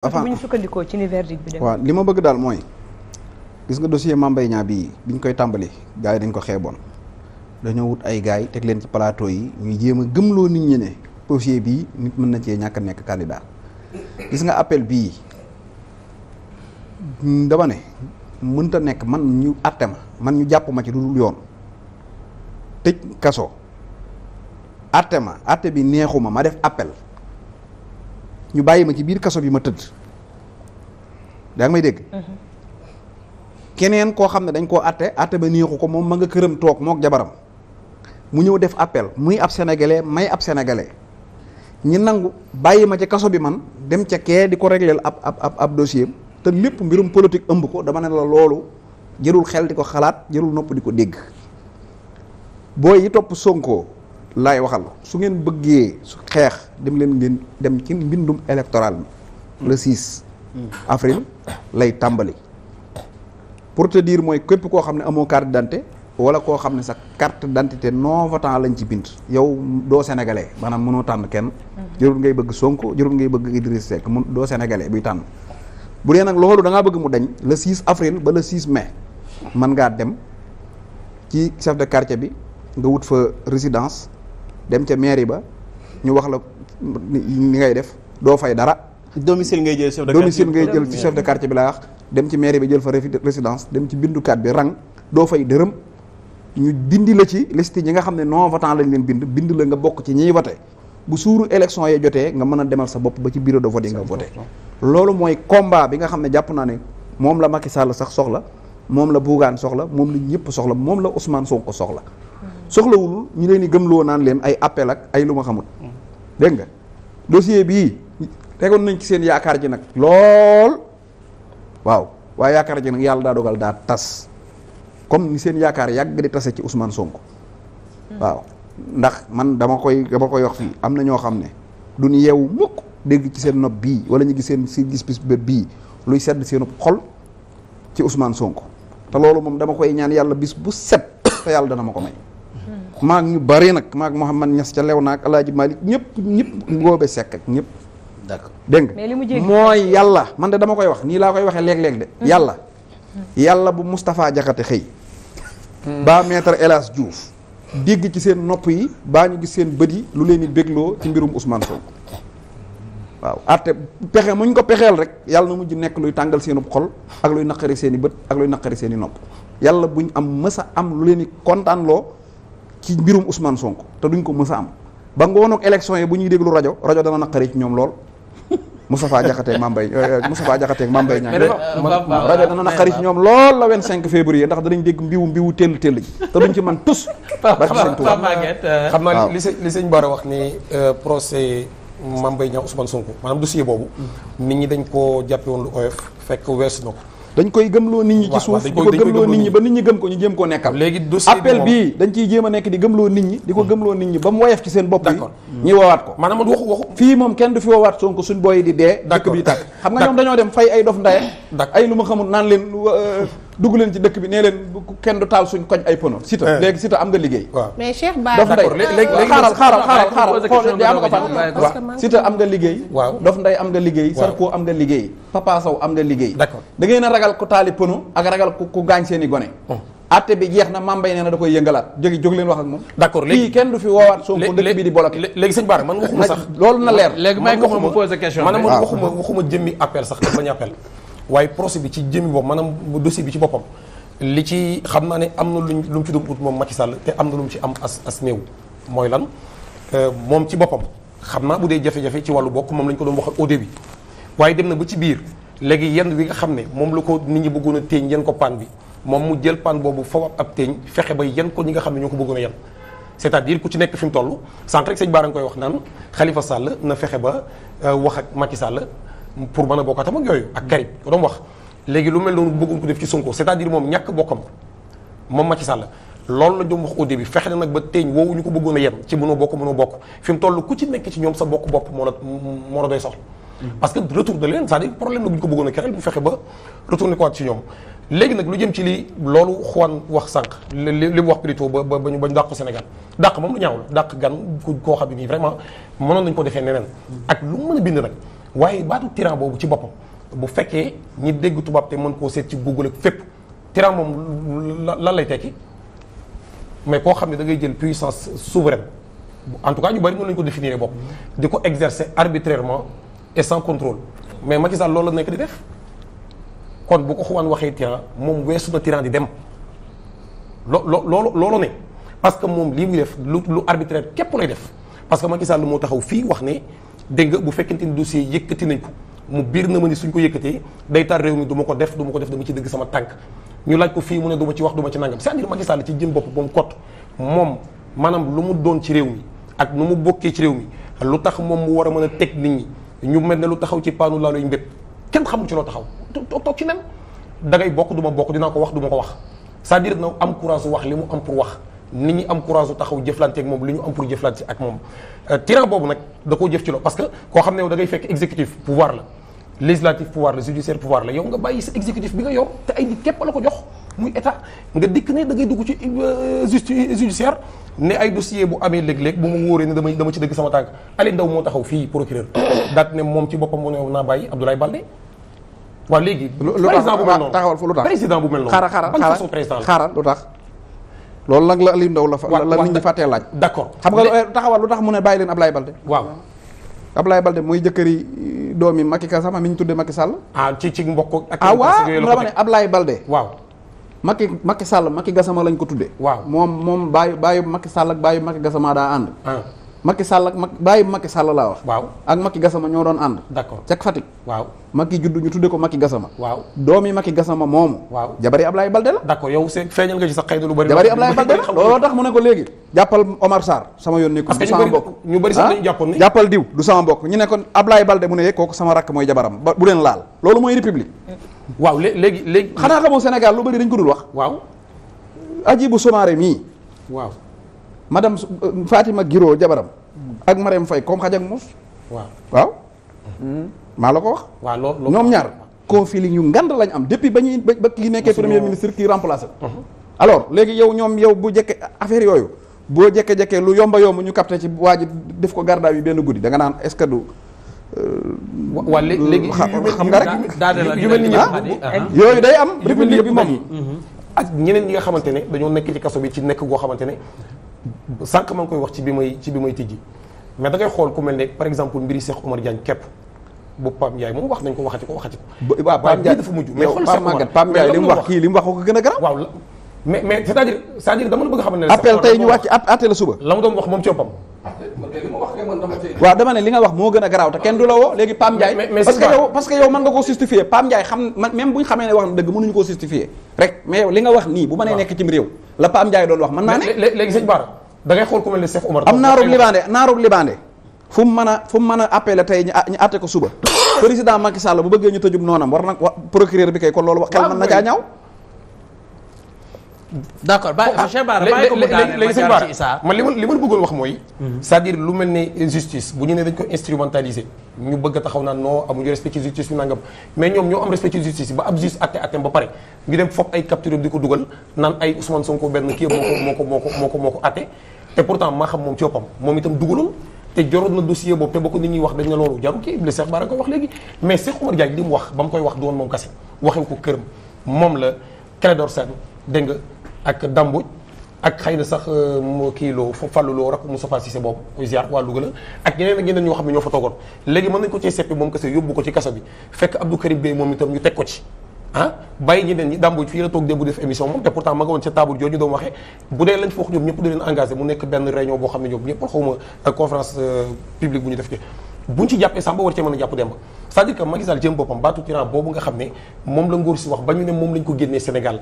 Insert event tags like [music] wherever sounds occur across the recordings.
avant ñu sukkandikoo ci ni bi waaw li ma bëgg daal mooy gis nga dossier Mame bii bi ñu koy tàmbali gars yi dañ ko xeeboon dañoo wut ay gars yi teg leen ci plateau yi ñuy jéem a gëmloo nit ñi ne dossier bii nit mën na cee ñàkk a nekk candidat gis nga appel bii dama ne mënta nekk man ñu àtte ma man ñu jàpp ma ci lu dul yoon tëj kaso àtte ma àtte bi neexuma ma def appel. ñu bàyyi ma ci biir kaso bi ma tëdd daa ngi may dégg mhm. keneen koo xam ne dañ koo atte atte ba néexu ko moom ma nga këram toog mook jabaram mu ñëw def appel muy ab sénégalais may ab sénégalais ñi nangu bàyyi ma ci kaso bi man dem ca kee di ko régleel ab ab ab ab dossier te lépp mbirum politique ëmb ko dama ne la loolu jërul xel di ko xalaat jërul nopp di ko dégg booy yi topp Sonko laay waxal su ngeen bëggee su xeex dem leen ngeen dem ci mbindum électoral bi le 6 avril lay tàmbali pour te dire mooy képp koo xam ne amoo carte d'identité wala koo xam ne sa carte d'identité non votant lañ ci bind yow doo sénégalais maanaam mënoo tànn kenn jërul ngay bëgg Sonko jërul ngay bëgg Idriss Seck mun doo sénégalais buy tànn bu dee nag loolu da bëgg mu dañ le 6 avril ba le 6 mai man ngaa dem ci chef de quartier bi nga wut fa résidence dem ca mairie ba ñu wax la ni ngay def doo fay dara. domicile ngay jël chef de quartier domicile ngay jël ci chef de bi laa wax dem ci mairie bi jël fa résidence dem ci bindukaat bi rang doo fay dërëm ñu dindi la ci liste ñi nga xam ne non votant lañ leen bind bind la nga bokk ci ñiy vote bu suuru élection yee jotee nga mën a demal sa bopp ba ci bureau de vote yi nga vote loolu mooy combat bi nga xam ne jàpp naa ne moom la Macky Sall sax soxla moom la Bougane soxla moom la ñëpp soxla moom la Ousmane Sonko soxla soxlawul ñu leen di gëmloo naan leen ay appel ak ay lu ma xamut. dégg nga dossier bii tegoon nañ ci seen yaakaar ji nag lool waaw waaye yaakaar ji nag yàlla daa dogal daa tas comme ni seen yaakaar yàgg di tase ci Ousmane Sonko. waaw ndax man dama koy dama koy wax fii am na ñoo xam ne du ñu yeewu mukk dégg ci seen nopp bii wala ñu gis seen si gis bis bii luy sedd seen xol ci Ousmane Sonko te loolu moom dama koy ñaan yàlla bis bu set te yàlla dana ma ko may. maag ñu bari nag maag Mouhamad ñas ca lew naag alaaji Malick ñëpp ñëpp ngóobe sekk ak ñépp d'accord dégg nga mooy yàlla man de dama koy wax nii laa koy waxee léeg-léeg de mm-hmm. yàlla yàlla bu Moustapha Jaxate xëy mm. baa maître El juuf Diouf dégg ci seen nopp yi baa ñu gis seen bët yi lu leen di bégloo ci mbirum Ousmane Sonko waaw arte pexe muñ ko pexeel rek yàlla na mujj nekk luy tàngal seenub xol ak luy naqari seen bët ak luy naqari seeni nopp yàlla bu ñu am mësa a am lu leen di ci mbirum Ousmane Sonko te duñ ko mës a am ba ngoonuk élection yi bu ñuy déglu rajo rajo dana naqari ci ñoom lool Moustapha euh, euh, Diakhaté ak Mambay Moustapha Diakhaté euh, ak Mambay ñaan rajo dana naqari ci ñoom lool la 25 février ndax danañ dégg mbiwu mbiwu tell tell ji te duñ ci man tus [laughs] barki sëñ Tuubaa xam naa li sëñ li sëñ Bara wax ni procès Mambay ñaan Ousmane Sonko maanaam dossier boobu hmm. nit ñi dañ koo jàppe woon lu oyof fekk weesu na ko dañ koy gëmloo nit ñi ci suuf di ko gëmloo nit ñi ba nit ñi gëm ko ñu jéem koo nekkal léegi appel bii dañ ciy jéem a nekk di gëmloo nit ñi di ko hmm. loo nit ñi ba mu woyof ci seen bopp yi ñi hmm. woowaat ko maanaam waxu waxu fii moom kenn du fi woowaat Sonko suñ booyi di dee dëkk bi tàkk xam nga ñoom dañoo dem fay ay dof ndaye ay lu ma xamul naan leen euh, dugg leen ci dëkk bi nee leen kenn du taal suñ koñ ay pono eh. sita léegi sita am nga liggéey mais Cheikh Ba dof nday am ko nga liggéey waaw dof nday am nga liggéey sarko am nga liggéey papa am nga liggéey d'accord da ngeen a ragal ku taali pono ak ragal ku gaañ seen i gone oh. atte bi jeex na mambay nee na da koy yëngalaat jóge jóg wax ak moom léegi kenn du fi woowaat Sonko dëkk bi di bloqué léegi sëñ Bara man waxuma sax loolu na leer léegi may ko ma poser question maanaam ah. man waxuma jëmmi appel sax bañ appel waaye procès bi ci jëmi bopp maanaam dossier bi ci boppam li ci xam naa ne am na luñ lu mu ci doon ut moom Macky Sall te am na lu mu ci am as as néew mooy lan euh, moom ci boppam xam naa bu dee jafe-jafe ci wàllu bokk moom lañ ko doon wax au début waaye dem na ba ci biir léegi yenn wi nga xam ne moom la ko nit ñi bëggoon a téeñ yenn ko paan bi moom mu jël paan boobu faw ab téeñ fexe ba yenn ko ñi nga xam ne ñoo ko bëggoon a yenn c'est-à-dire ku ci nekk fi mu toll sànq rek sëñ Bara koy wax naan xalifa sàll na fexe ba euh, wax ak macci sàll pour mën a bokkatam ak yooyu ak Karim ko doon wax léegi lu mel noonu bëggoon ko def ci Sonko c'est-à-dire moom ñàkk bokkam moom Macky Sall loolu la doon wax au début fexe na nag ba teeñ woowu ñu ko bëggoon a yem ci mënoo bokk mënoo bokk fi mu toll ku ci nekk ci ñoom sa bokk bopp moo la moo la doy soxla parce que retour de leen c'est-à-dire problème la ko ba retourné ko ci ñoom léegi nag lu jëm ci lii loolu xuwaan wax sànq li wax plutôt ba ba ba ñu dàq ko Sénégal moom ñaaw la dàq gan ku koo xam ne nii vraiment mënoon nañu ko defee neneen ak lu mu a bind nag waaye baatu tyran boobu ci boppam bu fekkee ñi dégg tubaab te mën koo seet ci google ak fépp tyran moom la lay tekki mais koo xam ne da ngay jël puissance souveraine en tout cas ñu bari noonu lañu ko définir bopp di ko exercer arbitrairement et sans contrôle mais Macky Sall loolu la nekk di def kon bu ko xuwaan waxee tyran moom weesu na tyran di dem lo lo loolu loolu ne parce que moom lii muy def lu lu arbitraire képp lay def parce que Macky Sall moo taxaw fii wax ne dégg nga bu fekkente ni dossier yëkkati nañ ko mu biir na ma ni suñ ko yëkkatee day tar réew mi duma ko def du ma ko def dama ci dégg sama tànk ñu laaj ko fii mu ne du ma ci wax du ci nangam c'est-à-dire Macky Sall ci jëm bopp ba mu moom maanaam lu mu doon ci réew mi ak nu mu bokkee ci réew mi lu tax moom mu war a mën a teg nit ñi ñu mel ne lu taxaw ci paanu laaluy mbépp kenn xamul ci loo taxaw toog ci nen da bokk du ma bokk dinaa ko wax duma ko wax saa à dire na am courage wax li mu am pour wax nit ñi am courage taxaw jëflante ak moom li ñu am pour jëflante ak moom euh, tyran boobu nag da koo jëf ci lo parce que koo xam ne yow da fekk exécutif pouvoir la législatif pouvoir la judiciaire pouvoir la yow nga bàyyi sa exécutif bi nga yor te ay nit képp la ko jox muy état nga dikk ne da ngay dugg ci euh, justice judiciaire ne ay dossier bu amee léeg-léeg bu ma wóoree ne damay dama ci dëgg sama tànk Ali Ndaw moo taxaw fii procureur [coughs] daat ne moom ci boppam mu ne naa bàyyi Abdoulaye Baldé waaw léegi président bu mel noonu taxawal fu lu tax président bu mel tax loolu nag la Aliou ndaw la la nit ñi fàttee laaj d'accord xam nga taxawal lu tax mu ne bàyyi leen Ablaye Balde waaw Ablaye Balde mooy jëkkëri euh, doomi Macky Gassama mi ñu tuddee Macky Sall ah ci ci mbokk ak ah waaw dama ne Balde waaw Macky Macky Sall Macky Gassama lañ ko tuddee waaw moom moom bàyyi bàyyi Macky Sall ak bàyyi Macky Gassama daa ànd ah. Macky Sall ak Macky bàyyi Macky Sall laa wax. waaw ak Macky Gassama ñoo doon ànd. d'accord ca Fatick. waaw Macky juddu ñu tudde ko Macky Gassama. waaw doomi Macky Gassama moomu. waaw jabari Ablaye Balde la. d'accord yow seen feeñal nga ci na lu bari. jabari Ablaye [laughs] ne ko léegi. jàppal Omar Sarr sama yoon nekkul. du sama mbokk ñu bari sax ah? dañu jàppoon ne. jàppal diw du sama mbokk ñu ne kon Ablaye Balde mu ne eh, kooku sama rakk mooy jabaram ba bu leen laal loolu mooy république. waaw léegi léegi. xanaa xamoo Sénégal lu bari dañ ko dul wax. waaw Hadjibou Soumaré mii waaw madame euh, Fatima Giro jabaram hmm. ak Marème Faye comme xaj ak muus waaw waaw hmm. maa la ko wax ñoom ñaar conflit yu ngand lañ am depuis ba ñuy ba kii nekkee premier ministre kii remplacé uh-huh. alors léegi yow ñoom yow bu jekke affaire yooyu boo jekke-jekkee lu yomba yomb ñu capté ci waa ji def ko garda yi benn guddi da nga naan est-ce que du euh, waa léegi xam nga rek yu mel ni ah? uh-huh. yooyu day am république bi moom uh-huh. ak ñeneen ñi nga xamante ne dañoo nekk ci kaso bi ci nekk goo xamante ne sànq maa ngi koy wax ci bi may tijji mais da xool ku mel ne par exemple mbiri Cheikh Omar Diagne képp bu Pam Ndiaye ko waxati ko waxati ko. waaw Pam Ndiaye dafa mujj mais xool sa wax kii li mu wax ko gën a garaaw. waaw mais mais c'est-à-dire c'est-à-dire dama la bëgg xamal ne. appel tey ñu wàcc atte la suba. la mu doon wax moom coppam. waaw dama ne li nga wax moo gën a garaaw te kenn du la woo léegi Pam Ndiaye parce que yow parce nga koo justifier Pam Ndiaye xam même bu xamee ne wax na mënuñu koo justifier rek mais yow li nga wax nii bu ma nee nekk ci réew la Pape Ndiaye doon wax man naa ne léegi sëñ Bara da ngay xool ku mel ni Cheikh Oumar am naarub libaande naarub libaande fu mu mën a fu mu mën a appelé tey ñu ñu àtte ko suba président Macky saala bu bëggee ñu tëjub noonam war na procureur bi kay kon loolu xel mën na caa ñaw d'accord ah, Cheikh Bara bàyyi man li ma li bëggoon wax mooy. Mhm. cest à lu mel ne justice bu ñu ne dañ ko instrumentaliser ñu bëgg a taxaw naan non amuñu respect ci justice ñu nangam mais ñoom ñoo am respect ci justice ba ab justice àtte àtteem ba pare ñu dem foog ay capture di ko dugal naan ay Ousmane Sonko benn kii moo ko moo ko moo ko moo ko àtte te pourtant maa xam moom itam dugalul te joroon na dossier boobu te bokk nit ñuy wax dañ na loolu jaru kii le Cheikh Bara ko wax léegi mais Cheikh Oumar Diagne li wax ba mu koy wax doon moom kase waxew moom la Clédor Sène dégg nga ak dambuj ak xay na sax euh, kii loo fàllu loo rak Moustapha Cissé boobu muy ziar waa Louga la ak ñeneen ak ñeneen ñoo xam ne ñoo fa toogoon léegi mën nañu ko cee seppi moom kese yóbbu ko ci kaso bi fekk Abdou Karim Bey moom itam ñu teg ko ci ah bàyyi ñeneen ñi dambuj fii la toog démb def émission moom te pourtant ma nga woon ca table jooju doon waxee bu dee lañ fa wax ñoom ñëpp da leen engagé mu nekk benn réunion boo xam ne ñoom ñëpp xawma euh, buñ ci jàppee Samba war cee mën a jàpp Demba c'est-à-dire que Macky jëm boppam baatu tyran boobu nga xam ne moom la ngóor wax ba ñu ne moom lañ ko génnee Sénégal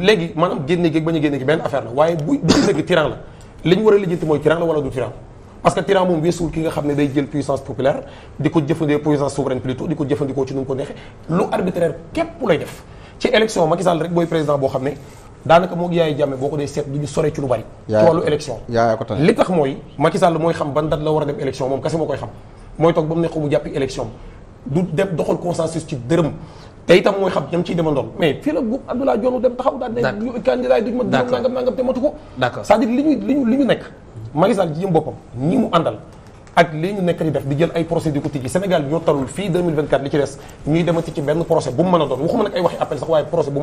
léegi maanaam génne gi bañ a génne gi benn affaire la waaye bu bu dëgg tyran la li ñu war a lijjanti mooy tyran la wala du tyran parce que tyran moom weesuwul ki nga xam ne day jël puissance populaire di ko jëfandikoo puissance souveraine plutôt di ko jëfandikoo ci nu mu ko neexee lu boo xam ne daanaka moo yaay jàmme boo a dem élection moom kese moo koy mooy toog ba mu ne ko mu jàppi élection du def doxal consensus ci dërëm te itam mooy xam ñam ciy demandoon mais fii la bu Abdoulaye Dione dem taxaw daal ne candidat yi duñu ma dërëm te matu ko c'est-à-dire li ñu nekk Macky Sall ci jëm boppam ñi mu àndal ak li ñu nekk di def di jël ay procès di ko tijji Sénégal ñoo talul fii 2024 li ci des ñuy demati ci benn procès bu mu mën a doon waxuma nag ay waxi appel sax waaye procès bu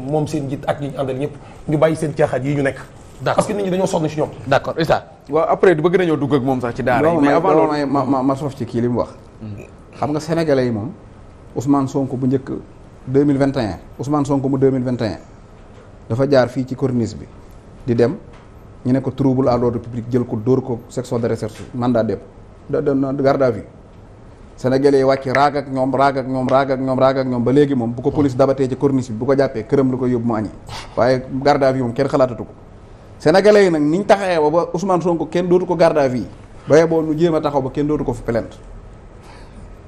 moom seen njiit ak ñi ñu àndal ñëpp ñu bàyyi seen caaxaat yi ñu nekk parce que nit ñi dañoo sonn ci ñoom. d' accord Issa. waaw après a nañoo dugg ak moom sax ci daara yi. mais avant loolu ma ma ma soof ci kii li mu wax. Hmm. xam nga sénégalais yi moom Ousmane Sonko bu njëkk 2021 Ousmane Sonko mu 2021 dafa jaar fii ci corniche bi di dem ñu ne ko trouble à l'ordre public jël ko dóor ko section de recherche mandat de de garde à vue sénégalais yi wàcc raag ak ñoom raag ak ñoom raag ak ñoom ba léegi moom ko police dabatee ci corniche bi bu ko jàppee këram lu ko yóbbu mu añi [laughs] waaye garde à vue xalaatatu ko. sénégalais yi nag niñ taxawee ba ba Ousmane Sonko kenn dootu ko garde à vie ba yeboo nu jéem a taxaw ba kenn dootu ko fi plainte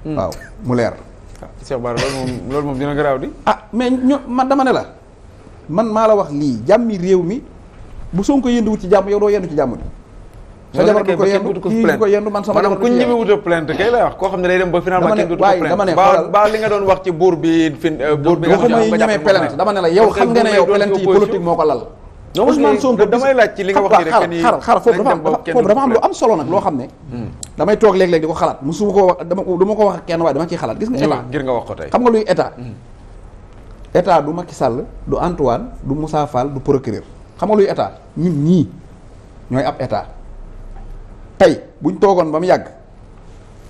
hmm. waaw mu leer. waaw ah, Cheikh Bara loolu moom loolu moom dina garaaw di. ah mais ñu man dama ne la man maa la wax lii jàmmi réew mi bu Sonko yënduwut ci jàmm yow doo yendu ci jàmm sa jabar du ko yendu kii du ko yendu man sama jabar ku ko plainte ba li nga doon wax ci buur bi fin euh, buur bi nga xam ne waxuma yi dama ne la yow xam nga ne yow plainte yi politique moo ko lal Ousmane Sonko damay laaj ci li nga wax ni xar xar foofu dama am lu am solo nag loo xam ne hmm. damay toog léeg-léeg di ko xalaat musuma ko wax dama du ma ko wax ak kenn waaye dama ciy xalaat gis nga état ngir nga wax ko tey xam nga luy état hmm. état du Macky Sall du Antoine du Moussa Fall du procureur xam nga luy état ñun ñii ñooy ab état tey buñ toogoon ba mu yàgg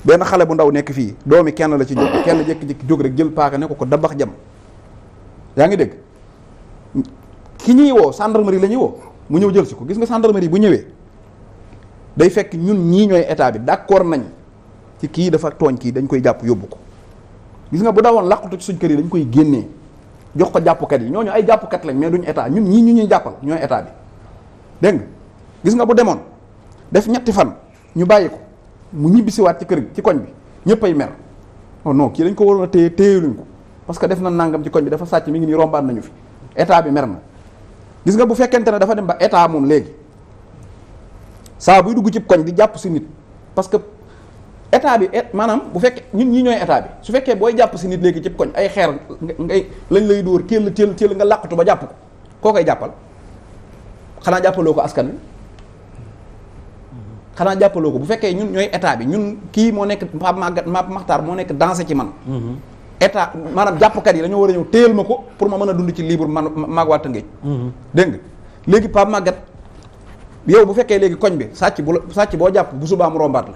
benn xale bu ndaw nekk fii doomi kenn la ci ñoom kenn jékki-jékki jóg rek jël paaka ne ko ko dabax jam yaa ngi dégg ki ñuy woo gendarmerie la ñuy woo mu ñëw jël si ko gis nga gendarmerie bu ñëwee day fekk ñun ñii ñooy état bi d'accord nañ ci kii dafa tooñ kii dañ koy jàpp yóbbu ko gis nga bu dawoon làqatu ci suñ kër yi dañ koy génnee jox ko jàppkat yi ñooñu ay jàppkat lañ mais duñ état ñun ñii ñu ñuy jàppal ñooy état bi dégg nga gis nga bu demoon def ñetti fan ñu bàyyi ko mu ñibbi ñibbisiwaat ci kër gi ci koñ bi ñëpp ay mer oh non kii dañ ko waroon a téye téye luñ ko parce que def na nangam ci koñ bi dafa sàcc mi ngi nii rombaan nañu fi état bi mer gis nga bu fekkente ne dafa dem ba état moom léegi saa buy dugg ci koñ di jàpp si nit parce que état bi maanaam bu fekkee ñun ñi ñooy état bi su fekkee booy jàpp si nit léegi ci koñ ay xeer ngay lañ lay dóor téel téel téel nga làqatu ba jàpp ko koo koy jàppal xanaa jàppaloo ko askan wi xanaa jàppaloo ko bu fekkee ñun ñooy état bi ñun kii moo nekk Pape Maguette Pape Makhtar moo nekk dansé ci man mm-hmm. état maanaam jàppkat yi dañoo war a ñëw téyal ma ko pour ma mën a dund ci libre man maag waa Tëngéej mhm. dégg nga léegi Pape Maguette yow bu fekkee léegi koñ bi sàcc bu la sàcc boo jàpp bu subaa mu rombaat la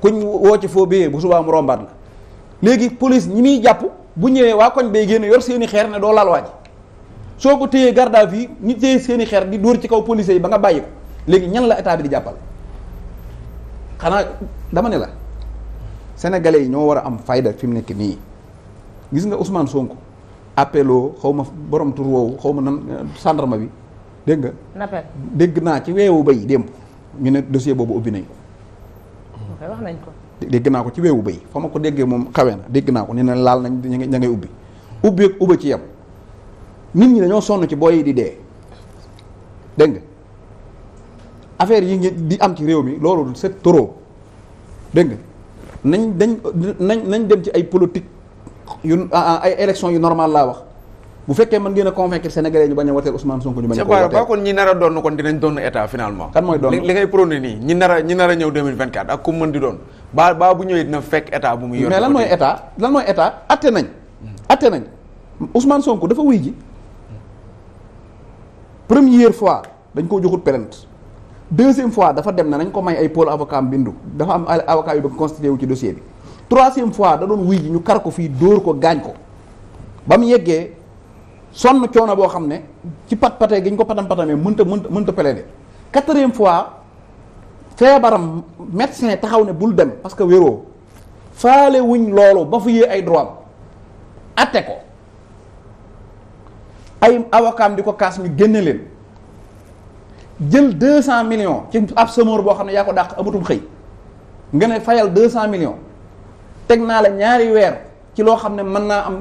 kuñ woo ci foo béyee bu subaa mu rombaat la léegi police ñi muy jàpp bu ñëwee waa koñ bay génn yor seen i xeer ne doo laal waa soo ko téyee garde à vue ñu téye seen i xeer di dóor ci kaw policiers yi ba nga bàyyi ko léegi ñan la état bi di jàppal xanaa dama ne la sénégalais yi ñoo war a am fayda fi mu nekk nii gis nga Ousmane Sonko appeloo xaw ma borom tur wow xaw ma nan sàndarma bi dégg nga. dégg naa ci weewu bay démb ñu ne dossier boobu ubbi nañ ko. nañ ko. dégg naa ko ci weewu bay fa ma ko déggee moom xawe na dégg naa ko ne ne laal nañ ña ngay ña ngay ubbi ubbi ak ci yem nit ñi dañoo sonn ci booy di dee dégg nga affaire yi di am ci réew mi loolu c'est trop dégg nga nañ dañ nañ dem ci ay politique. yu ah, ah, ay élection yu normal laa wax bu fekkee man ngeen a convaincre sénégalais ñu bañ a woteel Ousmane Sonko ñu bañ a ko woteel ba kon ñi nar a doon kon dinañ doon état finalement kan mooy doon li ngay prôné nii ñi nar a ñi nar a ñëw 2024 ba ba bu ñëwee dina fekk état bu muy yor mais lan mooy état lan mooy état atte nañ atte dafa wuy ji première fois dañ koo joxut plainte deuxième fois dafa dem na nañ ko may ay pôle avocat mbindu dafa am avocat yu bëgg constitué wu ci dossier bi troisième fois da doon wuy ji ñu kar ko fii dóor ko gaañ ko ba mu yeggee sonn coono boo xam ne ci pat patee gi ñu ko patam patamee mënta mënta mënta plaider quatrième fois feebaram médecin taxaw ne bul dem parce que wéroo faale wuñ loolu ba fu yee ay droit am atte ko ay awakaam di ko kaas ñu génne leen jël deux cent millions ci ab semeur boo xam ne yaa ko dàq amatum xëy nga ne fayal deux cent million teg naa la ñaari weer ci loo xam ne mën naa am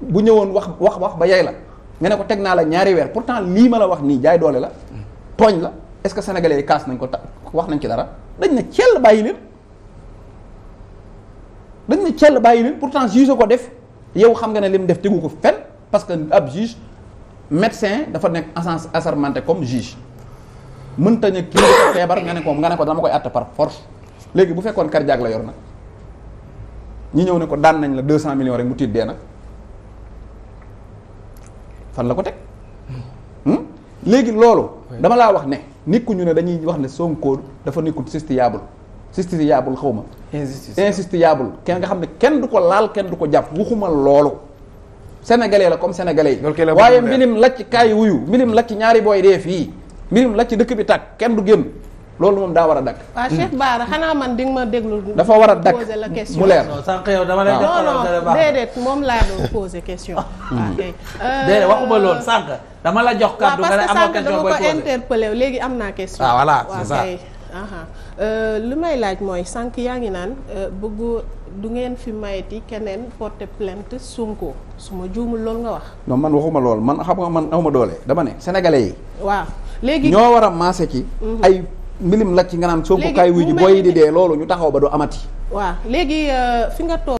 bu ñëwoon wax wax wax ba yey la nga ne ko teg naa la ñaari weer pourtant lii ma la wax nii jaay doole la tooñ la est-ce que sénégalais kaas nañ ko ta wax nañ ci dara dañ ne cell bàyyi leen dañ ne cell bàyyi leen pourtant juge ko def yow xam nga ne lim def tegu ko fen parce que ab juge médecin dafa nekk assance assermenté comme juge mënta ne kii feebar nga ne ko nga ne ko dama koy àtte par force léegi bu fekkoon jaag la yor nag ñu ñëw ne ko daan nañ la deux cent millions rek mu tiit dee nag fan la ko teg hmm? léegi loolu. dama laa wax ne nikku ne dañuy wax ne Sonko dafa nekkul justiciable justiciable xaw ma. injusticiable kenn nga xam ne kenn du ko laal kenn du ko jàpp waxuma loolu. sénégalais la comme sénégalais yi. waaye mbilim lacc kaay wuyu mbilim lacc ñaari booy dee fii mbilim lacc dëkk bi tàkk kenn du génn. loolu moom daa war a dakk waaw Cheikh xanaa man di nga ma déglu. [laughs] dafa war a dakk mu leer non sànq yow dama lay. non moom laa doon posé question. [laughs] Ah, [laughs] déedéet waxuma loolu euh, sànq. dama la jox kàddu nga ne am na question booy posé waaw léegi am naa question. ah voilà c'est ça euh, lu may laaj mooy sànq yaa ngi naan euh, bëggu du ngeen fi mayeti keneen porter plainte Sonko su ma juumul loolu nga wax. non man waxuma lool man a xam nga man awma doole dama ne sénégalais yi. waaw léegi ñoo war a maase ci mhm. ay. mbilim lacc nga naan Sonko kaay wuy ji booy di dee loolu ñu taxaw ba du amati. waaw léegi euh, fi nga toog